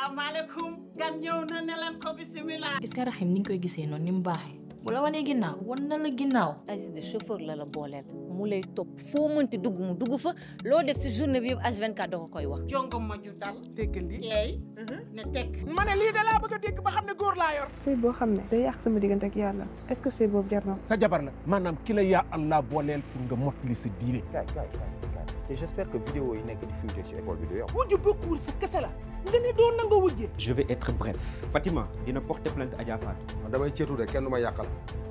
asalaamaaleykum gan ñëw na ne leen ko bisimilah. gis nga Rahim ni ñu koy gisee noonu ni mu baaxee. bu la wanee ginnaaw wan na la ginnaaw. Aziz de chauffeur la la booleel mu lay topp foo mënti dugg mu dugg fa loo def si journée bi yëpp H24 da koy wax. jongom ma ju dal. dégg li tey mhm. ne teg. ma lii da laa bëgg dégg ba xam ne góor laa yor. sëy boo xam ne te yàq sama diggante ak yàlla est-ce que sëy na sa jabar nag maanaam ki la yaa Allah booleel pour nga mottali sa yi nekk diffusée sa kese je vais être bref Fatima dina porter plainte à Je vais te dire